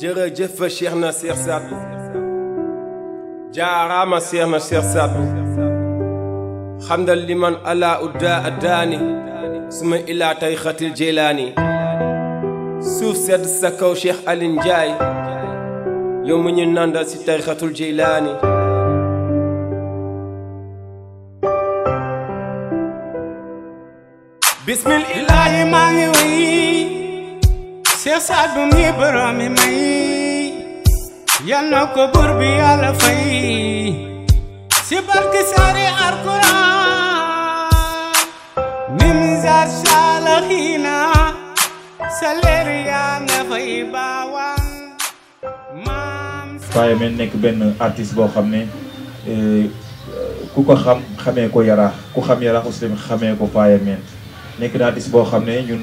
jërëjëf Cheikh na Cheikh Sadou jaaraama Cheikh na Cheikh Sadou xamdal liman ala udda addaani suma ilaa tay xatil jelaani suuf sedd sa kaw Cheikh Alioune Ndiaye yow mu ñu nandal si tay xatul jelaani bismil ilaahi maa ngi wéy سيصعدني برامي مي يلا كبر بي على في سيبالك ساري أركرا ممزار شالخينا ساليريا نفي باوان Faye Mane nekk benn artiste boo xam ne ku ko xam xamee ko yaraax ku xam yaraax aussi tamit xamee ko Faye Mane nekk na artiste boo xam ne ñun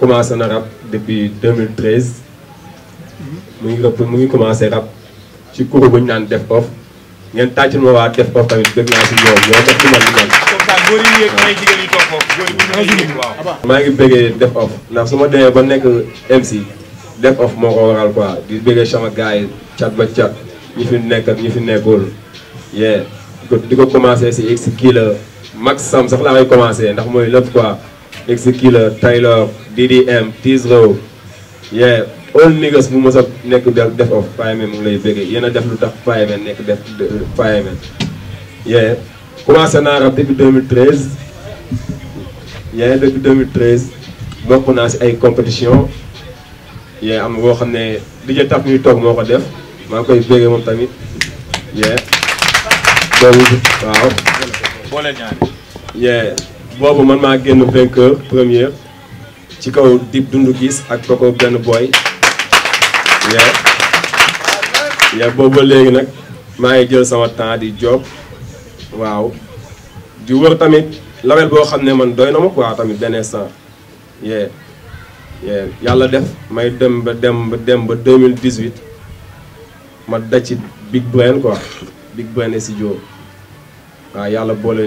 commencé na rap depuis 2013 mu ngi rap mu ngi commencé rap ci kuréel bu ñu naan def off ngeen tàccul ma waa def off tamit bëgg naa si ñoo def ci man li man. comme ça góor yi maa ngi bëggee def off ndax su ma demee ba nekk MC def off moo ko waral quoi di bëggee sama gars yi cat ba cat ñi fi nekk ak ñi fi nekkul yee di ko commencé si kii la max sam sax laa koy commencé ndax mooy lépp quoi. Exekiller Taylor DDM Tizro yeah all niggas bu mos a nekk def of Fireman mu lay bëggee yéen a def lu tax Fireman nekk def Fireman yeah commencé naa rap mil 2013 yeah depuis 2013 bokk naa si ay compétition yeah am boo xam ne DJ Taf ñuy toog moo ko def maa koy bëggee moom tamit yeah boobu waaw yeah boobu man maa génn vainqueur première ci kaw Dip Doundou gis ak Coco benn booy yeah yeah boobu ba léegi nag maa ngi jël sama temps di job waaw di wër tamit label boo xam ne man doy na ma quoi tamit benn instant yeah yeah yàlla def may dem ba dem ba dem ba 2018 ma daj ci Big Brain quoi Big Brain Studio waaw yàlla boole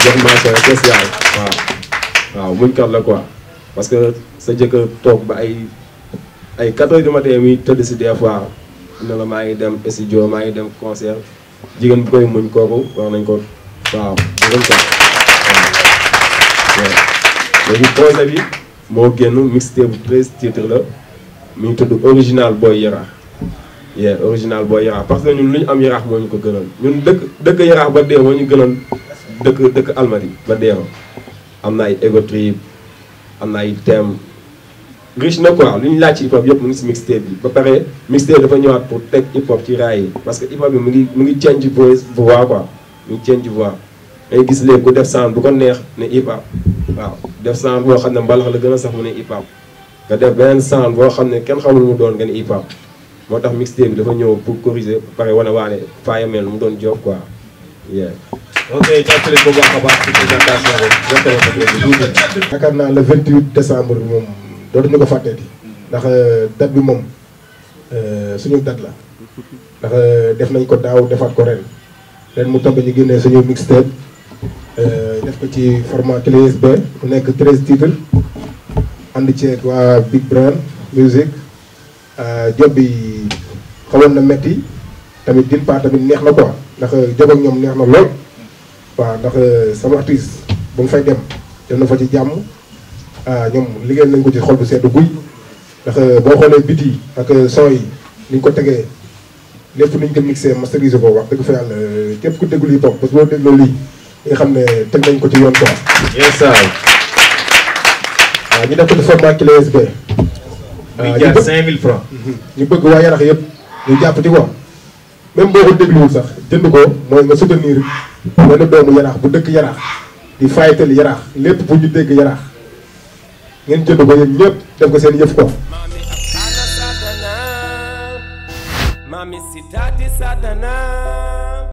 jox mention spéciale waaw waaw muñkat la koi parce que sa jëkkër toog ba ay ay quatre heures du matin muy tëdd si des fois la maa ngi dem studio maa ngi dem concert jigéen bu koy muñ kooku wax nañ ko waaw jigéen quoi waaw léegi projet bi moo génn mixtape bu treize titres la mi ngi tudd original Boy Yarakh yeah original Boy Yarakh parce que ñun lu ñu am Yarakh moo ñu ko gënal ñun dëkk dëkk Yarakh ba dee moo ñu gënal dëkk dëkk Almadies ba Dero am na ay ego trip am na ay thème riche na quoi lu ñu laaj ci hip hop yëpp mu ngi si mixtape bi ba pare mixtape dafa ñëwaat pour teg hip hop ci raay yi parce que hip hop bi mu ngi mu ngi change voice voix quoi mu ngi change voix day gis léegi ku def sound bu ko neex ne hip hop waaw def sound boo xam ne mbalax la gën a sax mu ne hip hop nga def beneen sound boo xam ne kenn xamul mu doon nga ne hip hop moo tax mixtape bi dafa ñëw pour corriger ba pare wane waane faayameel mu doon job quoi ok jàppale ko bu baax a baax ci présentation boobu jàppale ko léegi yaakaar naa le moom dootuñu ko fàtteeti ndax euh, date bi moom euh, suñu date la ndax euh, def nañ ko daaw defaat ko ren ren mu tombé ñu génnee suñu mixtape def ko ci format clé USB mu nekk 13 titres ànd ceeg waa Big Brand Music job bi na métti tamit d'une part tamit neex na quoi ndax job ñoom neex na lool. waaw ndax euh, sama artiste ba mu fay dem dem na fa ci jàmm ah, ñoom liggéey nañ ko ci xol bu sedd guy ndax euh, boo xoolee bit ak euh, son yi ni ñu ko tegee lépp ni ñu ko mixé masterisé ko wax dëgg fa yàlla képp ku déglu hip hop parce que boo dégloo lii nga xam ne teg nañ ko ci yoon quoi. yes waa ah, ñu def ko de format clé USB. Ah, ñu bëgg 5000 francs. Mhm. ñu bëgg waa Yarax yëpp ñu jàpp ci ko. même boo ko dégluwul sax jënd ko mooy nga soutenir benn doomu yaraax bu dëkk yaraax di fayital yaraax lépp bu ñu dégg yaraax ngeen jënd ko yéen ñëpp def ko seen yëf ko Mami si tati sadana